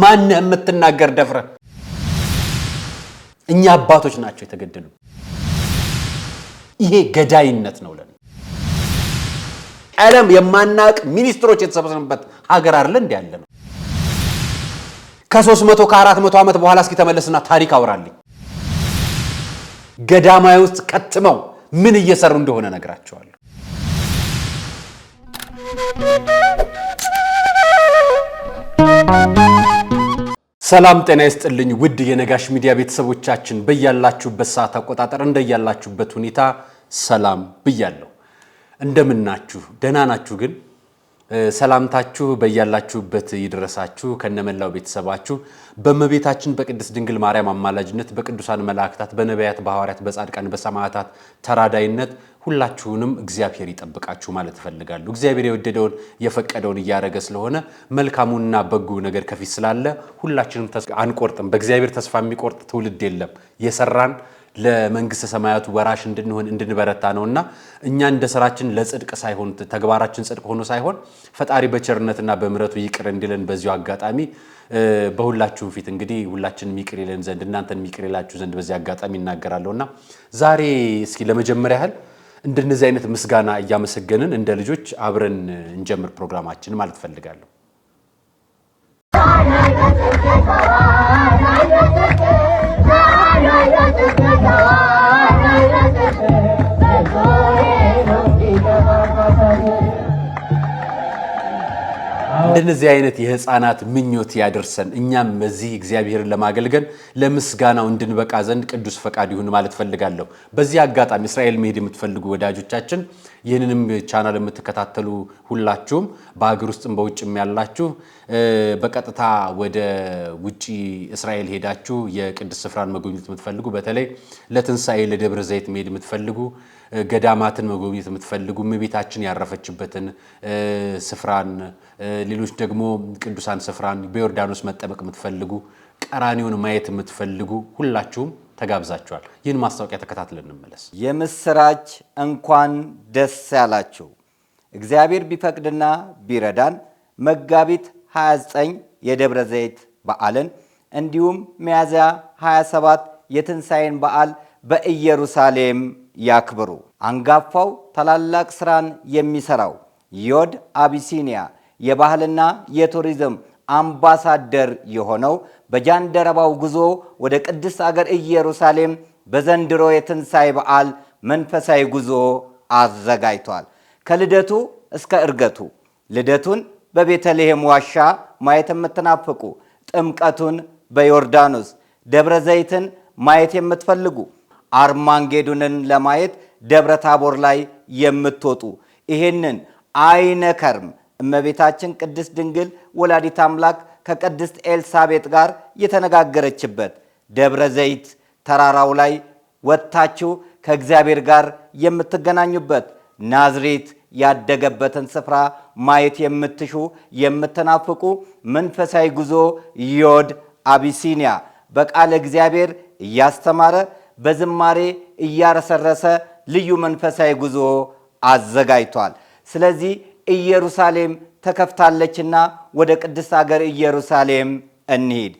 ማን የምትናገር ደፍረ እኛ አባቶች ናቸው የተገደሉ። ይሄ ገዳይነት ነው ለን ቀለም የማናውቅ ሚኒስትሮች የተሰበሰበበት ሀገር አለ እንዲ ያለ ነው። ከሶስት መቶ ከአራት መቶ ዓመት በኋላ እስኪ ተመለስና ታሪክ አውራልኝ። ገዳማዊ ውስጥ ከትመው ምን እየሰሩ እንደሆነ ነግራቸዋል። ሰላም ጤና ይስጥልኝ ውድ የነጋሽ ሚዲያ ቤተሰቦቻችን በያላችሁበት ሰዓት አቆጣጠር እንደያላችሁበት ሁኔታ ሰላም ብያለሁ። እንደምናችሁ ደህና ናችሁ? ግን ሰላምታችሁ በያላችሁበት ይድረሳችሁ ከነመላው ቤተሰባችሁ። በእመቤታችን በቅድስት ድንግል ማርያም አማላጅነት በቅዱሳን መላእክታት፣ በነቢያት፣ በሐዋርያት፣ በጻድቃን፣ በሰማዕታት ተራዳይነት ሁላችሁንም እግዚአብሔር ይጠብቃችሁ ማለት እፈልጋለሁ። እግዚአብሔር የወደደውን የፈቀደውን እያደረገ ስለሆነ መልካሙንና በጎ ነገር ከፊት ስላለ ሁላችንም አንቆርጥም። በእግዚአብሔር ተስፋ የሚቆርጥ ትውልድ የለም። የሰራን ለመንግስተ ሰማያቱ ወራሽ እንድንሆን እንድንበረታ ነው እና እኛ እንደ ስራችን ለጽድቅ ሳይሆን ተግባራችን ጽድቅ ሆኖ ሳይሆን ፈጣሪ በቸርነትና በምረቱ ይቅር እንዲለን በዚሁ አጋጣሚ በሁላችሁም ፊት እንግዲህ ሁላችን ይቅር ይለን ዘንድ እናንተን ይቅር ይላችሁ ዘንድ በዚህ አጋጣሚ ይናገራለሁ እና ዛሬ እስኪ ለመጀመሪያ ያህል እንደነዚህ አይነት ምስጋና እያመሰገንን እንደ ልጆች አብረን እንጀምር ፕሮግራማችን ማለት ፈልጋለሁ እንደነዚህ አይነት የህፃናት ምኞት ያደርሰን፣ እኛም በዚህ እግዚአብሔርን ለማገልገል ለምስጋናው እንድንበቃ ዘንድ ቅዱስ ፈቃድ ይሁን ማለት ፈልጋለሁ። በዚህ አጋጣሚ እስራኤል መሄድ የምትፈልጉ ወዳጆቻችን፣ ይህንንም ቻናል የምትከታተሉ ሁላችሁም በሀገር ውስጥም በውጭም ያላችሁ በቀጥታ ወደ ውጭ እስራኤል ሄዳችሁ የቅድስ ስፍራን መጎብኘት የምትፈልጉ በተለይ ለትንሣኤ ለደብረ ዘይት መሄድ የምትፈልጉ ገዳማትን መጎብኘት የምትፈልጉ እመቤታችን ያረፈችበትን ስፍራን፣ ሌሎች ደግሞ ቅዱሳን ስፍራን በዮርዳኖስ መጠመቅ የምትፈልጉ ቀራኒውን ማየት የምትፈልጉ ሁላችሁም ተጋብዛችኋል። ይህን ማስታወቂያ ተከታትለን እንመለስ። የምስራች እንኳን ደስ ያላችሁ። እግዚአብሔር ቢፈቅድና ቢረዳን መጋቢት 29 የደብረ ዘይት በዓልን እንዲሁም ሚያዝያ 27 የትንሣኤን በዓል በኢየሩሳሌም ያክብሩ። አንጋፋው ታላላቅ ሥራን የሚሠራው ዮድ አቢሲኒያ የባህልና የቱሪዝም አምባሳደር የሆነው በጃንደረባው ጉዞ ወደ ቅድስት አገር ኢየሩሳሌም በዘንድሮ የትንሣኤ በዓል መንፈሳዊ ጉዞ አዘጋጅቷል። ከልደቱ እስከ እርገቱ ልደቱን በቤተልሔም ዋሻ ማየት የምትናፍቁ ጥምቀቱን በዮርዳኖስ ደብረ ዘይትን ማየት የምትፈልጉ አርማንጌዱንን ለማየት ደብረ ታቦር ላይ የምትወጡ ይህንን አይነ ከርም እመቤታችን ቅድስት ድንግል ወላዲት አምላክ ከቅድስት ኤልሳቤጥ ጋር የተነጋገረችበት ደብረ ዘይት ተራራው ላይ ወጥታችሁ ከእግዚአብሔር ጋር የምትገናኙበት ናዝሬት ያደገበትን ስፍራ ማየት የምትሹ የምትናፍቁ መንፈሳዊ ጉዞ ዮድ አቢሲኒያ በቃለ እግዚአብሔር እያስተማረ በዝማሬ እያረሰረሰ ልዩ መንፈሳዊ ጉዞ አዘጋጅቷል። ስለዚህ ኢየሩሳሌም ተከፍታለችና ወደ ቅድስት አገር ኢየሩሳሌም እንሂድ።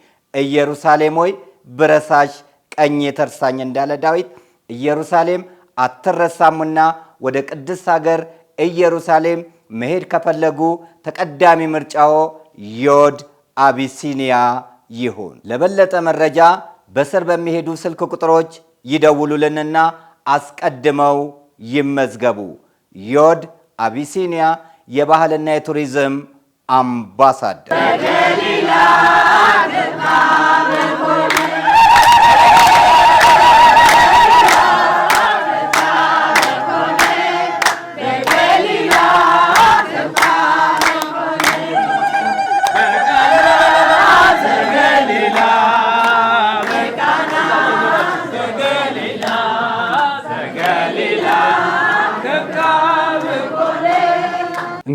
ኢየሩሳሌም ሆይ ብረሳሽ ቀኝ የተርሳኝ እንዳለ ዳዊት ኢየሩሳሌም አትረሳምና ወደ ቅድስት አገር ኢየሩሳሌም መሄድ ከፈለጉ ተቀዳሚ ምርጫዎ ዮድ አቢሲኒያ ይሁን። ለበለጠ መረጃ በስር በሚሄዱ ስልክ ቁጥሮች ይደውሉልንና አስቀድመው ይመዝገቡ። ዮድ አቢሲኒያ የባህልና የቱሪዝም አምባሳደር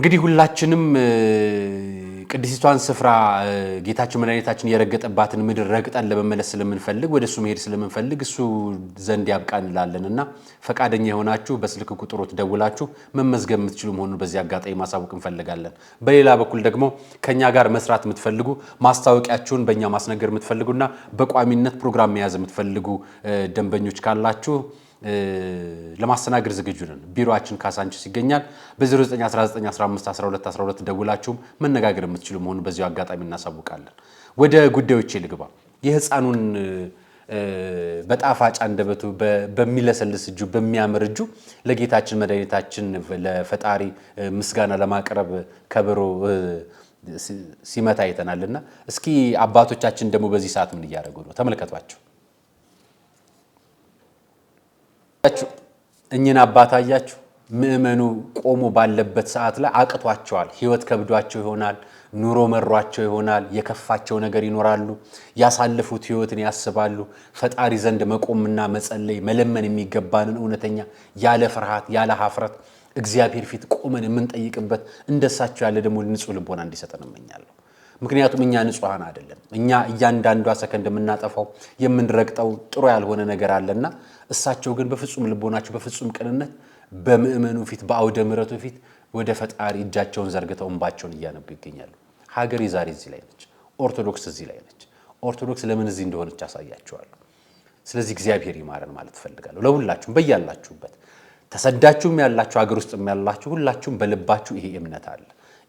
እንግዲህ ሁላችንም ቅድስቷን ስፍራ ጌታችን መድኃኒታችን የረገጠባትን ምድር ረግጠን ለመመለስ ስለምንፈልግ ወደ እሱ መሄድ ስለምንፈልግ እሱ ዘንድ ያብቃን እንላለን እና ፈቃደኛ የሆናችሁ በስልክ ቁጥሮ ደውላችሁ መመዝገብ የምትችሉ መሆኑን በዚህ አጋጣሚ ማሳወቅ እንፈልጋለን። በሌላ በኩል ደግሞ ከእኛ ጋር መስራት የምትፈልጉ ማስታወቂያችሁን በእኛ ማስነገር የምትፈልጉና በቋሚነት ፕሮግራም መያዝ የምትፈልጉ ደንበኞች ካላችሁ ለማስተናገድ ዝግጁ ነን። ቢሮችን ካሳንችስ ይገኛል። በ0919151212 ደውላችሁም መነጋገር የምትችሉ መሆኑ በዚሁ አጋጣሚ እናሳውቃለን። ወደ ጉዳዮች ልግባ። የህፃኑን በጣፋጭ አንደበቱ በሚለሰልስ እጁ በሚያምር እጁ ለጌታችን መድኃኒታችን ለፈጣሪ ምስጋና ለማቅረብ ከበሮ ሲመታ አይተናልና፣ እስኪ አባቶቻችን ደግሞ በዚህ ሰዓት ምን እያደረጉ ነው? ተመልከቷቸው። ያችሁ እኝን አባት አያችሁ። ምእመኑ ቆሞ ባለበት ሰዓት ላይ አቅቷቸዋል። ህይወት ከብዷቸው ይሆናል። ኑሮ መሯቸው ይሆናል። የከፋቸው ነገር ይኖራሉ። ያሳለፉት ህይወትን ያስባሉ። ፈጣሪ ዘንድ መቆምና መጸለይ መለመን የሚገባንን እውነተኛ ያለ ፍርሃት ያለ ሀፍረት እግዚአብሔር ፊት ቆመን የምንጠይቅበት እንደሳቸው ያለ ደግሞ ንጹሕ ልቦና እንዲሰጠን እመኛለሁ። ምክንያቱም እኛ ንጹሐን አይደለም። እኛ እያንዳንዷ ሰከንድ የምናጠፋው የምንረግጠው ጥሩ ያልሆነ ነገር አለና እሳቸው ግን በፍጹም ልቦናቸው በፍጹም ቅንነት በምእመኑ ፊት በአውደ ምረቱ ፊት ወደ ፈጣሪ እጃቸውን ዘርግተው እንባቸውን እያነቡ ይገኛሉ። ሀገሬ ዛሬ እዚህ ላይ ነች። ኦርቶዶክስ እዚህ ላይ ነች። ኦርቶዶክስ ለምን እዚህ እንደሆነች አሳያቸዋለሁ። ስለዚህ እግዚአብሔር ይማረን ማለት እፈልጋለሁ። ለሁላችሁም በያላችሁበት ተሰዳችሁም ያላችሁ ሀገር ውስጥም ያላችሁ ሁላችሁም በልባችሁ ይሄ እምነት አለ።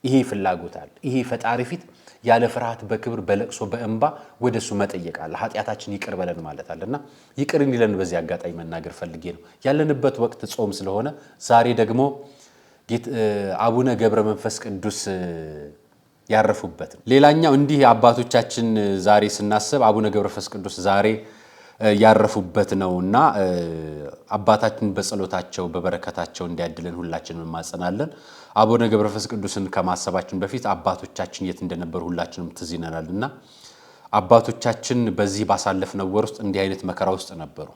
ይሄ ፍላጎት አለ። ይሄ ፈጣሪ ፊት ያለ ፍርሃት በክብር በለቅሶ በእንባ ወደ እሱ መጠየቅ አለ። ኃጢአታችን ይቅር በለን ማለት አለ እና ይቅር እንዲለን በዚህ አጋጣሚ መናገር ፈልጌ ነው። ያለንበት ወቅት ጾም ስለሆነ ዛሬ ደግሞ አቡነ ገብረ መንፈስ ቅዱስ ያረፉበት ነው። ሌላኛው እንዲህ አባቶቻችን ዛሬ ስናስብ አቡነ ገብረ መንፈስ ቅዱስ ዛሬ ያረፉበት ነው እና አባታችን በጸሎታቸው በበረከታቸው እንዲያድለን ሁላችን እንማጸናለን። አቡነ ገብረ መንፈስ ቅዱስን ከማሰባችን በፊት አባቶቻችን የት እንደነበሩ ሁላችንም ትዝ እና አባቶቻችን በዚህ ባሳለፍነው ወር ውስጥ እንዲህ አይነት መከራ ውስጥ ነበሩ።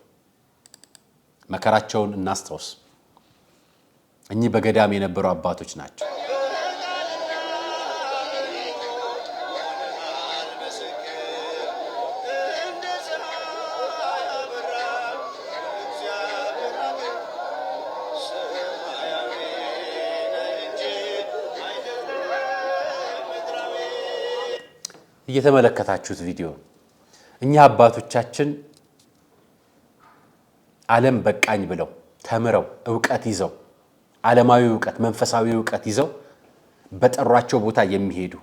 መከራቸውን እናስታውስ። እኚህ በገዳም የነበሩ አባቶች ናቸው። እየተመለከታችሁት ቪዲዮ እኛ አባቶቻችን ዓለም በቃኝ ብለው ተምረው እውቀት ይዘው ዓለማዊ እውቀት፣ መንፈሳዊ እውቀት ይዘው በጠሯቸው ቦታ የሚሄዱ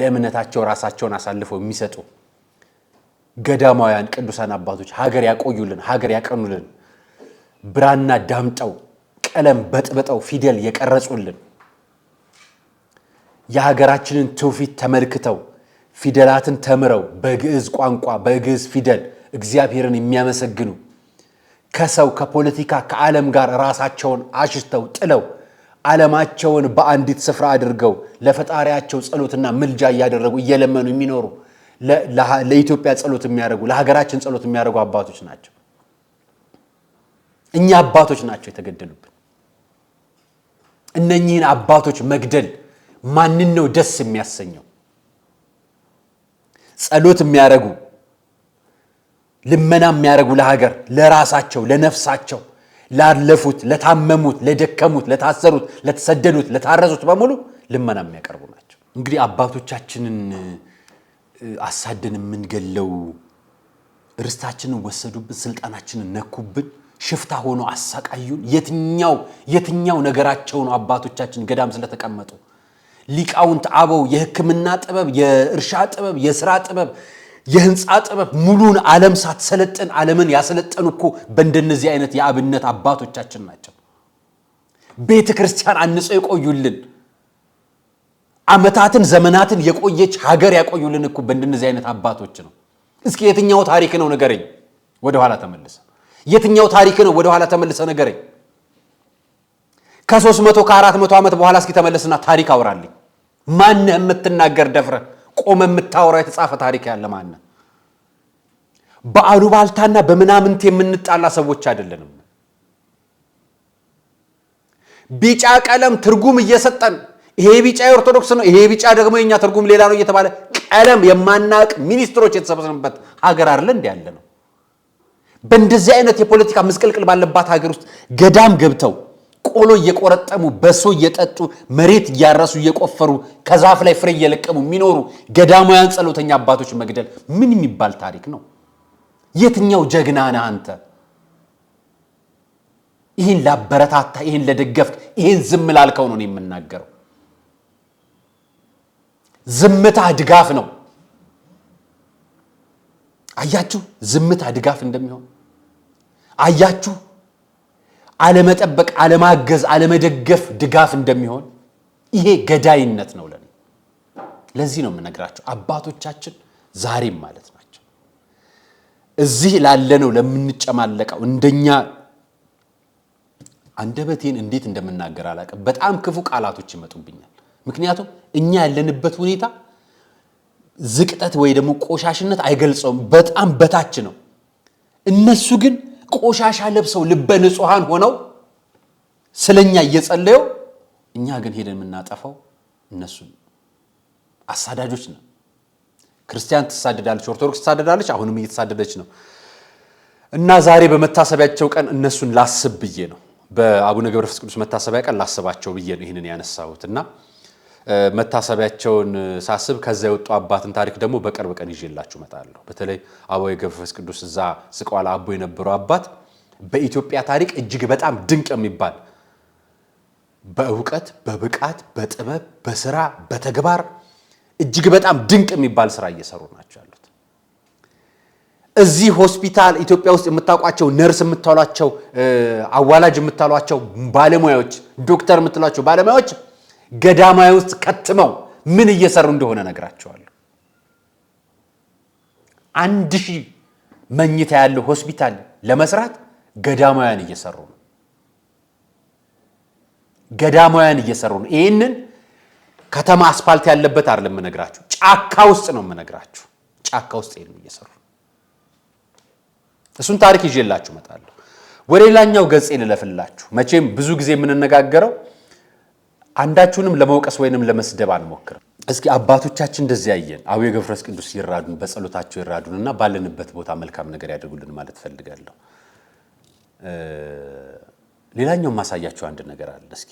ለእምነታቸው ራሳቸውን አሳልፈው የሚሰጡ ገዳማውያን ቅዱሳን አባቶች ሀገር ያቆዩልን፣ ሀገር ያቀኑልን፣ ብራና ዳምጠው ቀለም በጥብጠው ፊደል የቀረጹልን የሀገራችንን ትውፊት ተመልክተው ፊደላትን ተምረው በግዕዝ ቋንቋ በግዕዝ ፊደል እግዚአብሔርን የሚያመሰግኑ ከሰው ከፖለቲካ ከዓለም ጋር ራሳቸውን አሽተው ጥለው ዓለማቸውን በአንዲት ስፍራ አድርገው ለፈጣሪያቸው ጸሎትና ምልጃ እያደረጉ እየለመኑ የሚኖሩ ለኢትዮጵያ ጸሎት የሚያደርጉ ለሀገራችን ጸሎት የሚያደርጉ አባቶች ናቸው። እኛ አባቶች ናቸው የተገደሉብን። እነኚህን አባቶች መግደል ማንን ነው ደስ የሚያሰኘው? ጸሎት የሚያደርጉ ልመና የሚያደርጉ ለሀገር፣ ለራሳቸው፣ ለነፍሳቸው፣ ላለፉት፣ ለታመሙት፣ ለደከሙት፣ ለታሰሩት፣ ለተሰደዱት፣ ለታረዙት በሙሉ ልመና የሚያቀርቡ ናቸው። እንግዲህ አባቶቻችንን አሳደን የምንገለው ርስታችንን ወሰዱብን፣ ስልጣናችንን ነኩብን፣ ሽፍታ ሆኖ አሳቃዩን። የትኛው የትኛው ነገራቸው ነው አባቶቻችን ገዳም ስለተቀመጡ ሊቃውንት አበው የሕክምና ጥበብ፣ የእርሻ ጥበብ፣ የስራ ጥበብ፣ የህንፃ ጥበብ ሙሉን ዓለም ሳትሰለጥን ዓለምን ያሰለጠኑ እኮ በእንደነዚህ አይነት የአብነት አባቶቻችን ናቸው። ቤተ ክርስቲያን አንጸው የቆዩልን ዓመታትን ዘመናትን የቆየች ሀገር ያቆዩልን እኮ በእንደነዚህ አይነት አባቶች ነው። እስኪ የትኛው ታሪክ ነው ንገረኝ? ወደኋላ ተመልሰ የትኛው ታሪክ ነው ወደኋላ ተመልሰ ንገረኝ። ከሦስት መቶ ከአራት መቶ ዓመት በኋላ እስኪ ተመለስና ታሪክ አውራልኝ። ማነ የምትናገር ደፍረ ቆመ የምታወራ የተጻፈ ታሪክ ያለ ማነ? በአሉባልታና በምናምንት የምንጣላ ሰዎች አይደለንም። ቢጫ ቀለም ትርጉም እየሰጠን ይሄ ቢጫ የኦርቶዶክስ ነው፣ ይሄ ቢጫ ደግሞ የኛ ትርጉም ሌላ ነው እየተባለ ቀለም የማናውቅ ሚኒስትሮች የተሰበሰበበት ሀገር አይደለ እንዲ ያለ ነው። በእንደዚህ አይነት የፖለቲካ ምስቅልቅል ባለባት ሀገር ውስጥ ገዳም ገብተው ቆሎ እየቆረጠሙ በሶ እየጠጡ መሬት እያረሱ እየቆፈሩ ከዛፍ ላይ ፍሬ እየለቀሙ የሚኖሩ ገዳማውያን ጸሎተኛ አባቶች መግደል ምን የሚባል ታሪክ ነው? የትኛው ጀግና ነህ አንተ? ይህን ላበረታታ፣ ይህን ለደገፍክ፣ ይህን ዝም ላልከው ነው የምናገረው። ዝምታ ድጋፍ ነው። አያችሁ ዝምታ ድጋፍ እንደሚሆን አያችሁ። አለመጠበቅ፣ አለማገዝ፣ አለመደገፍ ድጋፍ እንደሚሆን ይሄ ገዳይነት ነው ለን ለዚህ ነው የምነግራቸው አባቶቻችን ዛሬም ማለት ናቸው። እዚህ ላለነው ለምንጨማለቀው እንደኛ አንደበቴን እንዴት እንደምናገር አላቀ በጣም ክፉ ቃላቶች ይመጡብኛል። ምክንያቱም እኛ ያለንበት ሁኔታ ዝቅጠት ወይ ደግሞ ቆሻሽነት አይገልጸውም። በጣም በታች ነው። እነሱ ግን ቆሻሻ ለብሰው ልበ ንጹሐን ሆነው ስለኛ እየጸለዩ እኛ ግን ሄደን የምናጠፋው እነሱ አሳዳጆች ነው። ክርስቲያን ትሳደዳለች፣ ኦርቶዶክስ ትሳደዳለች፣ አሁንም እየተሳደደች ነው እና ዛሬ በመታሰቢያቸው ቀን እነሱን ላስብ ብዬ ነው። በአቡነ ገብረ መንፈስ ቅዱስ መታሰቢያ ቀን ላስባቸው ብዬ ነው ይህንን ያነሳሁት እና መታሰቢያቸውን ሳስብ ከዛ የወጡ አባትን ታሪክ ደግሞ በቅርብ ቀን ይዤላችሁ እመጣለሁ። በተለይ አበው ገብረመንፈስ ቅዱስ እዛ ስቋላ አቦ የነበረው አባት በኢትዮጵያ ታሪክ እጅግ በጣም ድንቅ የሚባል በእውቀት፣ በብቃት፣ በጥበብ፣ በስራ፣ በተግባር እጅግ በጣም ድንቅ የሚባል ስራ እየሰሩ ናቸው ያሉት። እዚህ ሆስፒታል ኢትዮጵያ ውስጥ የምታውቋቸው ነርስ የምታሏቸው፣ አዋላጅ የምታሏቸው ባለሙያዎች፣ ዶክተር የምትሏቸው ባለሙያዎች ገዳማዊ ውስጥ ቀጥመው ምን እየሰሩ እንደሆነ ነግራቸዋለሁ። አንድ ሺህ መኝታ ያለው ሆስፒታል ለመስራት ገዳማውያን እየሰሩ ነው። ገዳማውያን እየሰሩ ነው። ይህንን ከተማ አስፋልት ያለበት አይደለም የምነግራችሁ፣ ጫካ ውስጥ ነው የምነግራችሁ። ጫካ ውስጥ ይሄን እየሰሩ እሱን ታሪክ ይዤላችሁ እመጣለሁ። ወደ ሌላኛው ገጽ ልለፍላችሁ። መቼም ብዙ ጊዜ የምንነጋገረው አንዳችሁንም ለመውቀስ ወይንም ለመስደብ አንሞክርም። እስኪ አባቶቻችን እንደዚህ ያየን አቡነ ገብረ ቅዱስ ይራዱን፣ በጸሎታቸው ይራዱን እና ባለንበት ቦታ መልካም ነገር ያደርጉልን ማለት ፈልጋለሁ። ሌላኛው ማሳያችሁ አንድ ነገር አለ። እስኪ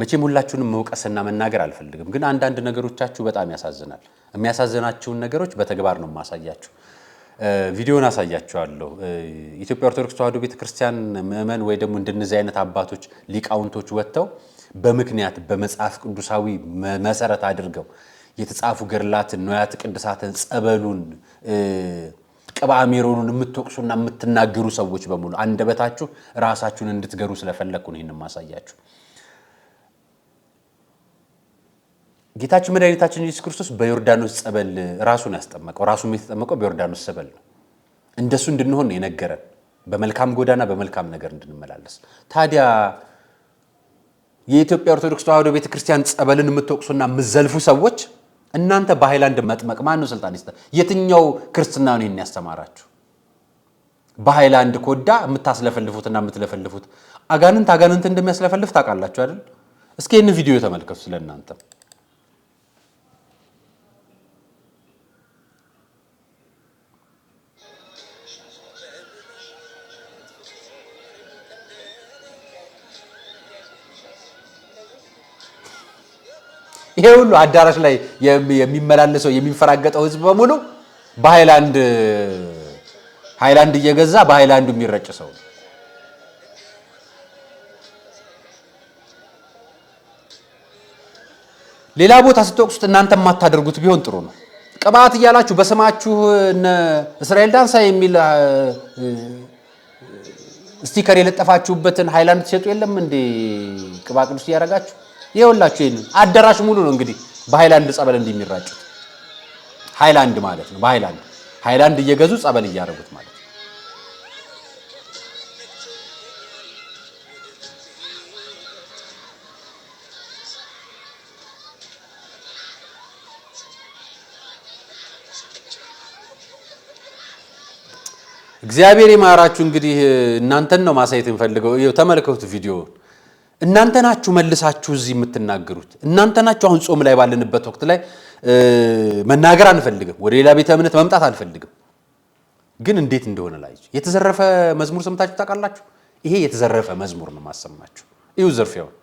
መቼም ሁላችሁንም መውቀስና መናገር አልፈልግም፣ ግን አንዳንድ ነገሮቻችሁ በጣም ያሳዝናል። የሚያሳዝናችሁን ነገሮች በተግባር ነው ማሳያችሁ። ቪዲዮን አሳያችኋለሁ። ኢትዮጵያ ኦርቶዶክስ ተዋሕዶ ቤተክርስቲያን ምእመን ወይ ደግሞ እንደነዚህ አይነት አባቶች ሊቃውንቶች ወጥተው በምክንያት በመጽሐፍ ቅዱሳዊ መሰረት አድርገው የተጻፉ ገድላትን ንዋያተ ቅድሳትን ጸበሉን ቅብአ ሜሮኑን የምትወቅሱና የምትናገሩ ሰዎች በሙሉ አንደበታችሁ ራሳችሁን እንድትገሩ ስለፈለግኩ ነው ይህን ማሳያችሁ። ጌታችን መድኃኒታችን ኢየሱስ ክርስቶስ በዮርዳኖስ ጸበል ራሱን ያስጠመቀው ራሱም የተጠመቀው በዮርዳኖስ ጸበል ነው። እንደሱ እንድንሆን የነገረን በመልካም ጎዳና በመልካም ነገር እንድንመላለስ ታዲያ የኢትዮጵያ ኦርቶዶክስ ተዋሕዶ ቤተክርስቲያን ጸበልን የምትወቅሱና የምዘልፉ ሰዎች እናንተ በሃይላንድ መጥመቅ ማን ነው ስልጣን ይስጠ? የትኛው ክርስትና ነው ይህን ያስተማራችሁ? በሃይላንድ ኮዳ የምታስለፈልፉትና የምትለፈልፉት አጋንንት አጋንንት እንደሚያስለፈልፍ ታውቃላችሁ አይደል? እስኪ ይህን ቪዲዮ ተመልከቱ። ስለ ይሄ ሁሉ አዳራሽ ላይ የሚመላለሰው የሚንፈራገጠው ህዝብ በሙሉ በሃይላንድ ሃይላንድ እየገዛ በሃይላንዱ የሚረጭ ሰው ሌላ ቦታ ስትወቅሱት እናንተ የማታደርጉት ቢሆን ጥሩ ነው። ቅባት እያላችሁ በስማችሁ እስራኤል ዳንሳ የሚል ስቲከር የለጠፋችሁበትን ሃይላንድ ትሸጡ የለም እንዴ? ቅባ ቅዱስ እያደረጋችሁ ይኸውላችሁ ይሄንን አዳራሽ ሙሉ ነው እንግዲህ በሃይላንድ ጸበል እንደሚራጩት ሃይላንድ ማለት ነው። በሃይላንድ ሃይላንድ እየገዙ ጸበል እያደረጉት ማለት ነው። እግዚአብሔር ይማራችሁ። እንግዲህ እናንተን ነው ማሳየት እንፈልገው። ተመልከቱ ቪዲዮ እናንተ ናችሁ መልሳችሁ እዚህ የምትናገሩት። እናንተ ናችሁ አሁን ጾም ላይ ባለንበት ወቅት ላይ መናገር አንፈልግም፣ ወደ ሌላ ቤተ እምነት መምጣት አንፈልግም። ግን እንዴት እንደሆነ ላይ የተዘረፈ መዝሙር ሰምታችሁ ታውቃላችሁ? ይሄ የተዘረፈ መዝሙር ነው ማሰማችሁ። ይሁ ዘርፊያውን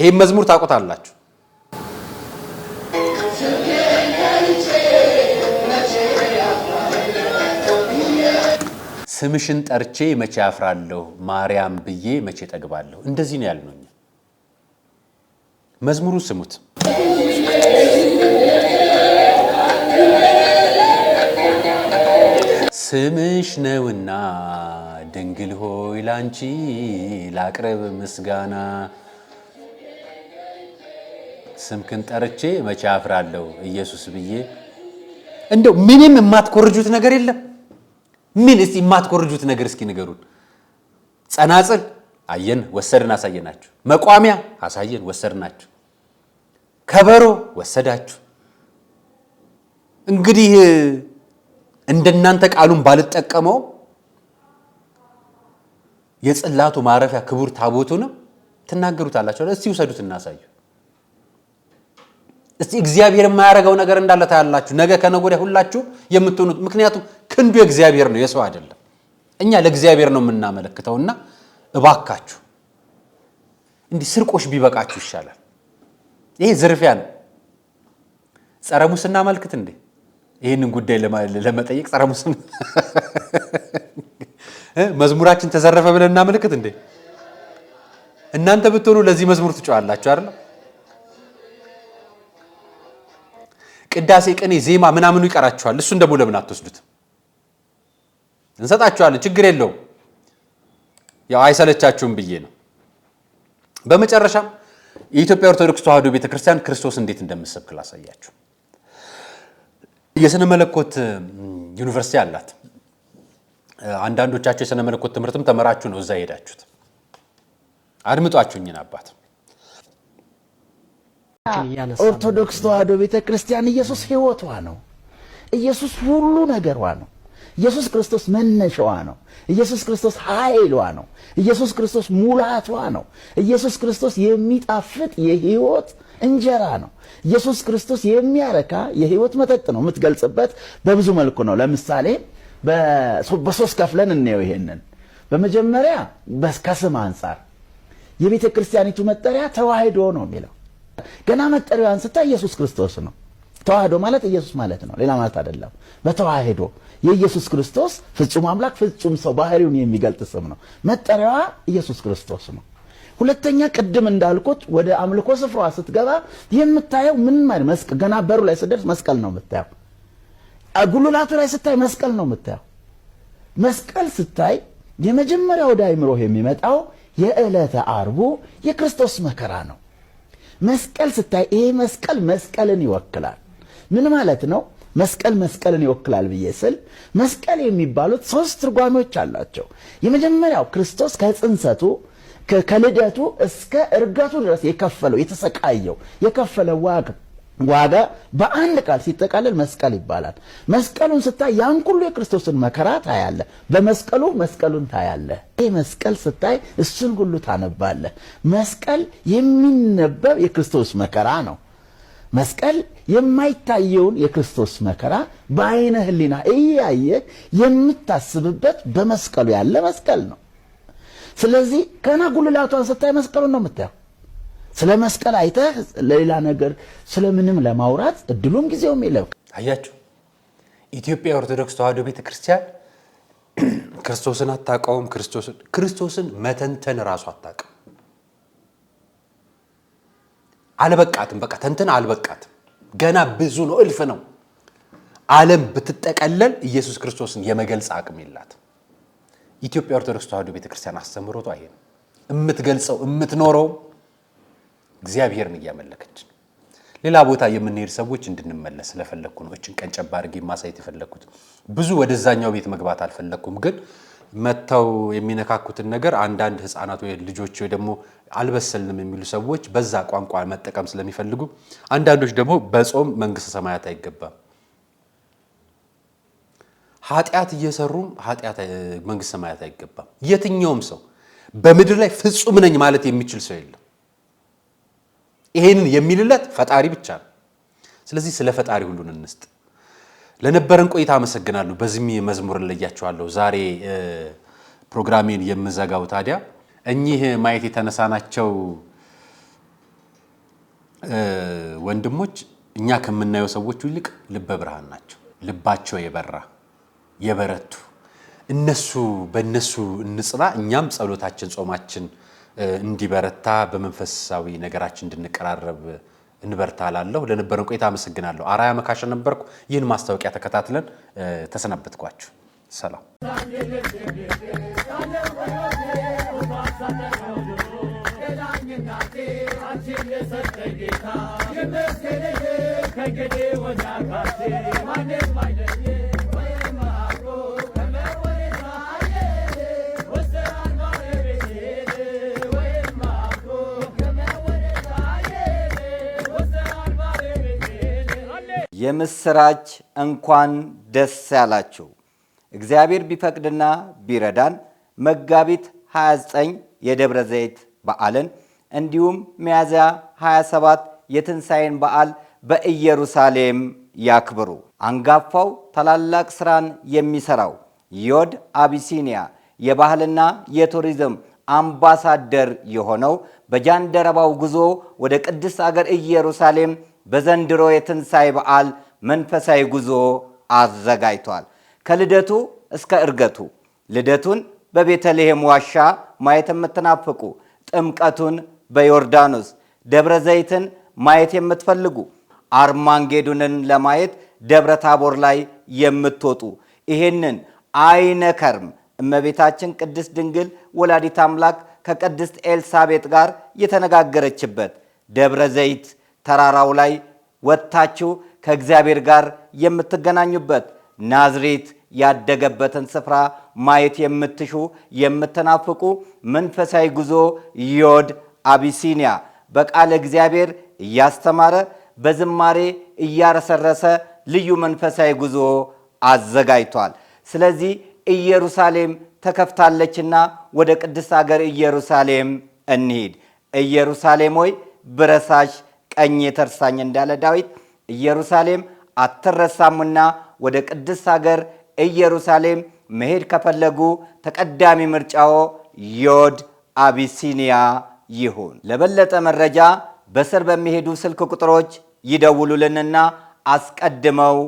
ይሄም መዝሙር ታውቁታላችሁ። ስምሽን ጠርቼ መቼ አፍራለሁ፣ ማርያም ብዬ መቼ ጠግባለሁ። እንደዚህ ነው ያልነው። መዝሙሩ ስሙት። ስምሽ ነውና ድንግል ሆይ ላንቺ ላቅርብ ምስጋና ስምክን ጠርቼ መቼ አፍራለሁ ኢየሱስ ብዬ። እንደው ምንም የማትኮርጁት ነገር የለም። ምን እስቲ የማትኮርጁት ነገር እስኪ ንገሩን። ጸናጽል አየን ወሰድን አሳየናችሁ። መቋሚያ አሳየን ወሰድናችሁ። ከበሮ ወሰዳችሁ። እንግዲህ እንደናንተ ቃሉን ባልጠቀመው የጽላቱ ማረፊያ ክቡር ታቦቱንም ትናገሩታላችሁ። እስቲ ውሰዱት እናሳዩ። እስቲ እግዚአብሔር የማያደርገው ነገር እንዳለ ታያላችሁ። ነገ ከነገ ወዲያ ሁላችሁ የምትሆኑት ምክንያቱም ክንዱ የእግዚአብሔር ነው፣ የሰው አይደለም። እኛ ለእግዚአብሔር ነው የምናመለክተውና እባካችሁ እንዲህ ስርቆሽ ቢበቃችሁ ይሻላል። ይሄ ዝርፊያ ነው። ጸረ ሙስና መልክት እንዴ! ይህንን ጉዳይ ለመጠየቅ ጸረ ሙስና መዝሙራችን ተዘረፈ ብለን እናመልክት እንዴ! እናንተ ብትሆኑ ለዚህ መዝሙር ትጮዋላችሁ አይደል? ቅዳሴ፣ ቅኔ፣ ዜማ ምናምኑ ይቀራችኋል። እሱን ደግሞ ለምን አትወስዱት? እንሰጣችኋለን፣ ችግር የለውም። ያው አይሰለቻችሁም ብዬ ነው። በመጨረሻም የኢትዮጵያ ኦርቶዶክስ ተዋሕዶ ቤተክርስቲያን ክርስቶስ እንዴት እንደምሰብክ ላሳያችሁ። የስነ መለኮት ዩኒቨርሲቲ አላት። አንዳንዶቻችሁ የስነ መለኮት ትምህርትም ተመራችሁ ነው እዛ ሄዳችሁት። አድምጧችሁኝን አባት ኦርቶዶክስ ተዋሕዶ ቤተክርስቲያን ኢየሱስ ህይወቷ ነው። ኢየሱስ ሁሉ ነገሯ ነው። ኢየሱስ ክርስቶስ መነሻዋ ነው። ኢየሱስ ክርስቶስ ኃይሏ ነው። ኢየሱስ ክርስቶስ ሙላቷ ነው። ኢየሱስ ክርስቶስ የሚጣፍጥ የህይወት እንጀራ ነው። ኢየሱስ ክርስቶስ የሚያረካ የህይወት መጠጥ ነው። የምትገልጽበት በብዙ መልኩ ነው። ለምሳሌ በሶስት ከፍለን እንየው ይሄንን። በመጀመሪያ ከስም አንጻር የቤተ ክርስቲያኒቱ መጠሪያ ተዋህዶ ነው የሚለው ገና መጠሪያዋን ስታይ ኢየሱስ ክርስቶስ ነው ተዋህዶ ማለት ኢየሱስ ማለት ነው፣ ሌላ ማለት አይደለም። በተዋህዶ የኢየሱስ ክርስቶስ ፍጹም አምላክ ፍጹም ሰው ባህሪውን የሚገልጥ ስም ነው። መጠሪያዋ ኢየሱስ ክርስቶስ ነው። ሁለተኛ ቅድም እንዳልኩት ወደ አምልኮ ስፍራዋ ስትገባ የምታየው ምን ማለት ገና በሩ ላይ ስትደርስ መስቀል ነው የምታየው። ጉልላቱ ላይ ስታይ መስቀል ነው የምታየው። መስቀል ስታይ የመጀመሪያ ወደ አይምሮህ የሚመጣው የዕለተ አርቡ የክርስቶስ መከራ ነው። መስቀል ስታይ ይሄ መስቀል መስቀልን ይወክላል። ምን ማለት ነው? መስቀል መስቀልን ይወክላል ብዬ ስል መስቀል የሚባሉት ሶስት ትርጓሜዎች አሏቸው። የመጀመሪያው ክርስቶስ ከጽንሰቱ ከልደቱ እስከ እርገቱ ድረስ የከፈለው የተሰቃየው የከፈለው ዋጋ ዋጋ በአንድ ቃል ሲጠቃለል መስቀል ይባላል። መስቀሉን ስታይ ያን ሁሉ የክርስቶስን መከራ ታያለ። በመስቀሉ መስቀሉን ታያለ። ይህ መስቀል ስታይ እሱን ሁሉ ታነባለ። መስቀል የሚነበብ የክርስቶስ መከራ ነው። መስቀል የማይታየውን የክርስቶስ መከራ በአይነ ህሊና እያየ የምታስብበት በመስቀሉ ያለ መስቀል ነው። ስለዚህ ከና ጉልላቷን ስታይ መስቀሉን ነው የምታየው። ስለ መስቀል አይተህ ለሌላ ነገር ስለምንም ለማውራት እድሉም ጊዜውም የለም። አያችሁ፣ ኢትዮጵያ ኦርቶዶክስ ተዋህዶ ቤተ ክርስቲያን ክርስቶስን አታውቀውም። ክርስቶስን መተንተን ራሱ አታውቅም። አልበቃትም። በቃ ተንትን አልበቃትም። ገና ብዙ ነው፣ እልፍ ነው። ዓለም ብትጠቀለል ኢየሱስ ክርስቶስን የመገልጽ አቅም የላት። ኢትዮጵያ ኦርቶዶክስ ተዋሕዶ ቤተክርስቲያን አስተምህሮቷ ይሄ ነው። እምትገልጸው እምትኖረው እግዚአብሔርን እያመለከች ሌላ ቦታ የምንሄድ ሰዎች እንድንመለስ ስለፈለግኩ ነው። እችን ቀን ጨባ አድርጌ ማሳየት የፈለግኩት ብዙ ወደዛኛው ቤት መግባት አልፈለግኩም ግን መጥተው የሚነካኩትን ነገር አንዳንድ ህፃናት ወይ ልጆች ወይ ደግሞ አልበሰልንም የሚሉ ሰዎች በዛ ቋንቋ መጠቀም ስለሚፈልጉ፣ አንዳንዶች ደግሞ በጾም መንግስተ ሰማያት አይገባም ኃጢአት እየሰሩም ኃጢአት መንግስተ ሰማያት አይገባም። የትኛውም ሰው በምድር ላይ ፍጹም ነኝ ማለት የሚችል ሰው የለም። ይሄንን የሚልለት ፈጣሪ ብቻ ነው። ስለዚህ ስለ ፈጣሪ ሁሉን እንስጥ። ለነበረን ቆይታ አመሰግናለሁ። በዚህም መዝሙር እንለያችኋለሁ። ዛሬ ፕሮግራሜን የምዘጋው ታዲያ እኚህ ማየት የተነሳናቸው ወንድሞች እኛ ከምናየው ሰዎች ይልቅ ልበ ብርሃን ናቸው። ልባቸው የበራ የበረቱ እነሱ በእነሱ እንጽና። እኛም ጸሎታችን፣ ጾማችን እንዲበረታ በመንፈሳዊ ነገራችን እንድንቀራረብ እንበርታላለሁ። ለነበረን ቆይታ አመሰግናለሁ። አራያ መካሸ ነበርኩ። ይህን ማስታወቂያ ተከታትለን ተሰናበትኳችሁ። ሰላም የምስራች እንኳን ደስ ያላችሁ። እግዚአብሔር ቢፈቅድና ቢረዳን መጋቢት 29 የደብረ ዘይት በዓልን እንዲሁም ሚያዝያ 27 የትንሣኤን በዓል በኢየሩሳሌም ያክብሩ። አንጋፋው ታላላቅ ሥራን የሚሠራው ዮድ አቢሲኒያ የባህልና የቱሪዝም አምባሳደር የሆነው በጃንደረባው ጉዞ ወደ ቅድስት አገር ኢየሩሳሌም በዘንድሮ የትንሣኤ በዓል መንፈሳዊ ጉዞ አዘጋጅቷል። ከልደቱ እስከ እርገቱ ልደቱን በቤተልሔም ዋሻ ማየት የምትናፍቁ፣ ጥምቀቱን በዮርዳኖስ ደብረ ዘይትን ማየት የምትፈልጉ፣ አርማንጌዱንን ለማየት ደብረ ታቦር ላይ የምትወጡ ይህንን አይነከርም እመቤታችን ቅድስት ድንግል ወላዲት አምላክ ከቅድስት ኤልሳቤጥ ጋር የተነጋገረችበት ደብረ ዘይት ተራራው ላይ ወጥታችሁ ከእግዚአብሔር ጋር የምትገናኙበት ናዝሬት ያደገበትን ስፍራ ማየት የምትሹ የምትናፍቁ መንፈሳዊ ጉዞ ዮድ አቢሲኒያ በቃለ እግዚአብሔር እያስተማረ በዝማሬ እያረሰረሰ ልዩ መንፈሳዊ ጉዞ አዘጋጅቷል። ስለዚህ ኢየሩሳሌም ተከፍታለችና ወደ ቅድስት አገር ኢየሩሳሌም እንሂድ። ኢየሩሳሌም ሆይ ብረሳሽ ቀኝ ተርሳኝ እንዳለ ዳዊት ኢየሩሳሌም አትረሳምና ወደ ቅድስት ሀገር ኢየሩሳሌም መሄድ ከፈለጉ ተቀዳሚ ምርጫዎ ዮድ አቢሲኒያ ይሁን። ለበለጠ መረጃ በስር በሚሄዱ ስልክ ቁጥሮች ይደውሉልንና አስቀድመው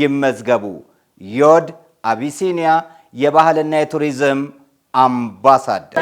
ይመዝገቡ። ዮድ አቢሲኒያ የባህልና የቱሪዝም አምባሳደር